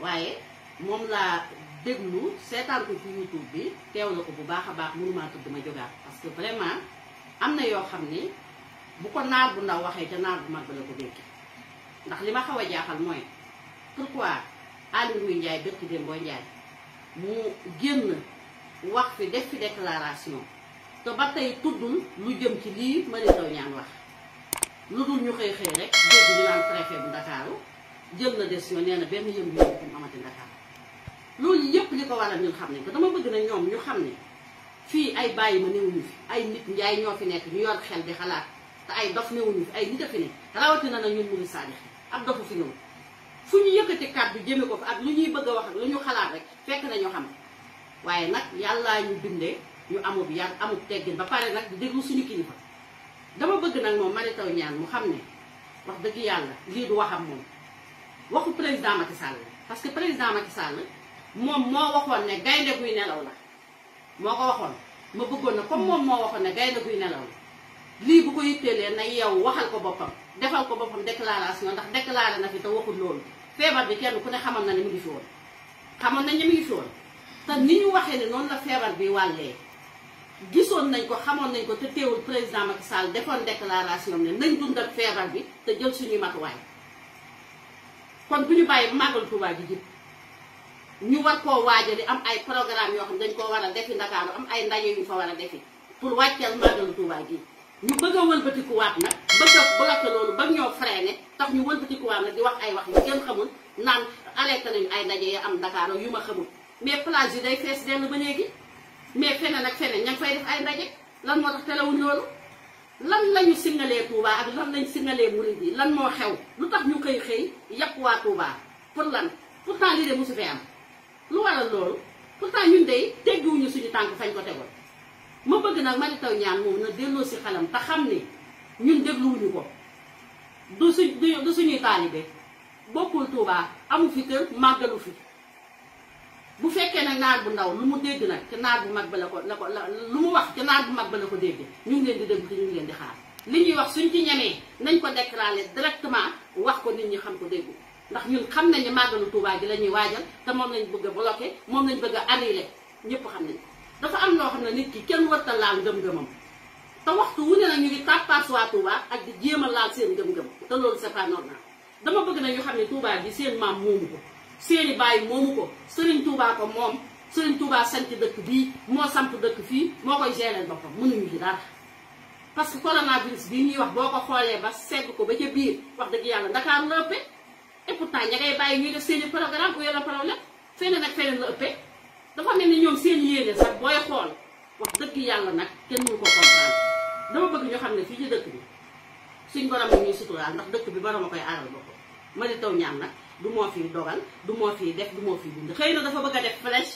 waaye moom laa déglu seetaan ko ci YouTube bi teew teewlu ko bu baax a baax mënumaa tudd ma jógaat parce que vraiment am na yoo xam ni bu ko naagu ndaw waxee te naar bu mag ba la ko dénki ndax li ma xaw a jaaxal mooy pourquoi Aly Ngouille Ndiaye dëkk Demba Ndiaye mu génn wax fi def fi déclaration te ba tey tuddul lu jëm ci lii Mary Teuw Niane wax lu dul ñu xëy xëy rek dégg ñu naan préfet jël na décision nee na benn yëm yëm mu amati Dakar loolu yépp li ko waral ñun xam ne ko dama bëgg na ñoom ñu xam ne fii ay bàyyi ma newuñu fi ay nit njaay ñoo fi nekk ñu yor xel di xalaat te ay dof newuñu fi ay nit a fi ne rawatina na ñun muri saadix ak dofu fi ñëw fu ñu yëkkati kàddu jëme ko fi ak lu ñuy bëgg a wax ak lu ñu xalaat rek fekk na nañu xam ne waaye nag yàllaa ñu bindee ñu amub yar amub teggin ba pare nag di déglu suñu kilifa dama bëgg nag moom Mary Teuw Niane xam ne wax dëgg yàlla lii du waxam moom waxu président Macky Sall la parce que président Macky Sall moom moo waxoon ne gaynde guy nelaw la moo ko waxoon ma bëggoon na comme moom moo waxoon ne gaynde guy nelaw la lii bu ko yitteelee na yow waxal ko boppam defal ko boppam déclaration ndax déclaré na fi te waxul loolu feebar bi kenn ku ne xamoon na ne mu ngi fi woon xamoon nañ ne mu ngi fi woon te ni ñu waxee ne noonu la feebar bi wàllee gisoon nañ ko xamoon nañ ko te teewul président Macky Sall defoon déclaration ne nañ dund ak bi jël suñuy matuwaay kon bu ñu bàyyi màggal Tuubaa gi jib ñu war koo waajali am ay programme yoo xam dañ koo war a defi Ndakaaru am ay ndaje yu ñu fa war a defi pour wàcceel màggal Tuubaa gi ñu bëgg a wëlbatikuwaat nag bëgg a bloqué loolu ba ñoo freiné tax ñu wëlbatikuwaat nag di wax ay wax yu kenn xamul naan alerté nañu ay ndaje yi am Ndakaaru yu ma xamul mais plage yi day fees dell ba léegi mais feneen nag feneen ña ngi fay def ay ndaje lan moo tax telewuñ loolu lan lañu signalee Touba ak lan lañ signalee murid yi lan moo xew lu tax ñu koy xëy yàpp waa Touba pour lan pourtant lii de mosu fee am lu waral loolu pourtant ñun de teggiwuñu suñu tànk fañ ko tegoon ma bëgg nag Mary taw Niane moom na delloo si xelam te xam ni ñun dégluwuñu ko du suñu du suñuy taalibe bokkul Touba amu fi kër màggalu fi bu fekkee nag naar bu ndaw lu mu dégg nag te naar bu mag ba la ko la la lu mu wax te naar bu mag ba la ko dégg ñu ngi leen di dégg te ñu leen di xaar li ñuy wax suñ ci ñemee nañ ko déclaré directement wax ko nit ñi xam ko déggu ndax ñun xam nañu màggalu Tuubaa gi la ñuy waajal te moom lañ bëgg a bloqué moom lañ bëgg a annulé ñëpp xam nañ dafa am loo xam ne nit ki kenn warta laal ngëm-ngëmam te waxtu wu ne nag ñu ngi tàppaas waa Tuubaa ak di jéem a laal seen ngëm-ngëm te loolu c'est pas normal dama bëgg na ñu xam ne Tuubaa gi seen maam moomu seeni bàyyi moomu ko Serigne Touba ko moom Serigne Touba sant dëkk bii moo samp dëkk fii moo koy gérer boppam mënuñu ci dara. parce que coronavirus bii ñuy wax boo ko xoolee ba segg ko ba ca biir wax dëgg yàlla Dakar la ëppee et pourtant ña ngay bàyyi ñuy def seen i programme bu yàlla problème feneen ak feneen la ëppee dafa mel ni ñoom seen yéene sax booy xool wax dëgg yàlla nag kenn mënu ko comprendre dama bëgg ñu xam ne fii ci dëkk bi suñ ko la ñuy suturaal ndax dëkk bi borom koy aaral boppam Mary Teuw Niane du moo fiy dogal du moo fiy def du moo fi bind xëy na dafa bëgg a def flèche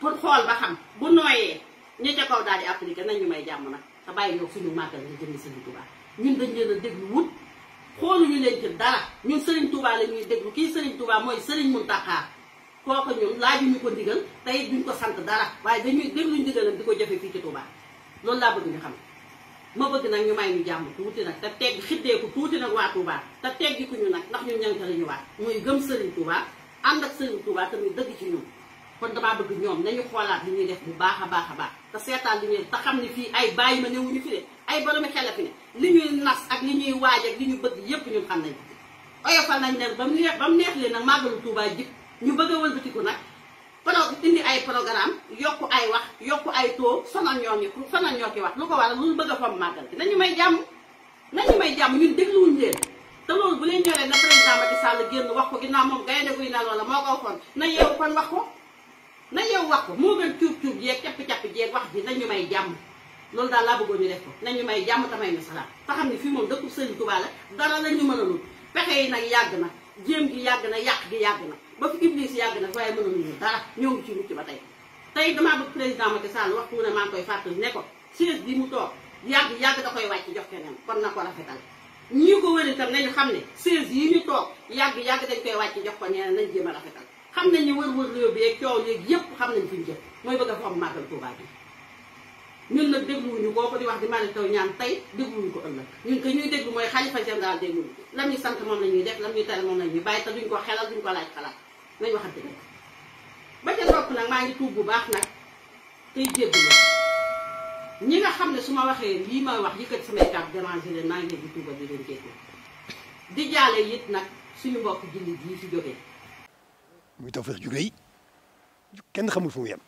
pour xool ba xam bu nooyee ñu ca kaw daal di appliqué nañ ñu may jàmm nag te bàyyi ñoo suñu ñu nga jënd Sëriñ Touba ñun dañ leen a déglu wut xooluñu leen ci dara ñu Sëriñ Touba la ñuy déglu kii Sëriñ Touba mooy Sëriñ Muntaxa kooku ñun laajuñu ko ndigal tey duñ ko sant dara waaye dañuy dégluñ ndigalam di ko jëfe fii ci Touba loolu laa bëgg ñu xam ma bëgg nag ñu may ñu jàmm tuuti nag te teg xiddeeku tuuti nag waa Touba te teggiku ñu nag ndax ñun ñangi lañu waa muy gëm Serigne Touba ànd ak Serigne Touba te muy dëgg ci ñun kon damaa bëgg ñoom nañu xoolaat li ñuy def bu baax a baax a baax te seetaan li ñuy def te xam ne fii ay bàyyi ma newuñu fi de ay boromi xel fi ne li ñuy nas ak li ñuy waaj ak li ñu bëgg yëpp ñun xam nañ oyofal nañ leen ba mu neex ba mu neex leen nag màggalu Touba jib ñu bëgg a wëlbatiku nag pro indi ay programme yokku ay wax yokk ay taux sonal ñoo ñu sonal ñoo ki wax lu ko waral lu bëgg a fomm màggal nañu may jàmm nañu may jàmm ñun dégluwuñu leen te loolu bu leen na président Macky Sall wax ko ginnaaw moom gaynde guy naan wala moo ko waxoon na yeewu kon wax ko na yeewu wax ko moo gën cuub cuub jeeg capp-capp jeeg wax ji nañu may jàmm loolu daal laa bëggoon ñu def nañu may jàmm tamay na salaam te xam ne fi moom dëkkub Sëriñ Tuubaa la dara la ñu mën a pexe yi nag yàgg na jéem gi yàgg na yàq gi yàgg na ba fi iblis yàgg na waaye mënuñu dara ñoo ngi ci mucc ba tey tey damaa bëgg président Macky Sall wax mu ne maa ngi koy fàttali ne ko siège bi mu toog yàgg yàgg da koy wàcc jox keneen kon na ko rafetal ñii ko wër itam nañu xam ne siège yi ñu toog yàgg yàgg dañ koy wàcc jox ko ñeneen nañ jéem a rafetal xam nañ ñi wër-wër réew bi yeeg coow léegi yépp xam nañ fi ñu jëf mooy bëgg a fomm màggal Tuubaa bi ñun nag dégluwuñu kooku di wax di Mary Teuw ñaan tey dégluwuñu ko ëllëg ñun ko ñuy déglu mooy xalifa daal dégluwuñu lam ñu sant moom la ñuy def lam ñuy tere moom la ñu bàyyi te duñ ko xelal duñ ko laaj xalaat nañ waxante ne ba ca topp nag maa ngi tuub bu baax nag tey jéggi la ñi nga xam ne su ma waxee lii ma wax yëkkati samay kàddu déranger leen maa ngi leen di tuubal di leen jéggi di jaale it nag suñu mbokk jullit yi fi jógee muy taw kenn xamul fu mu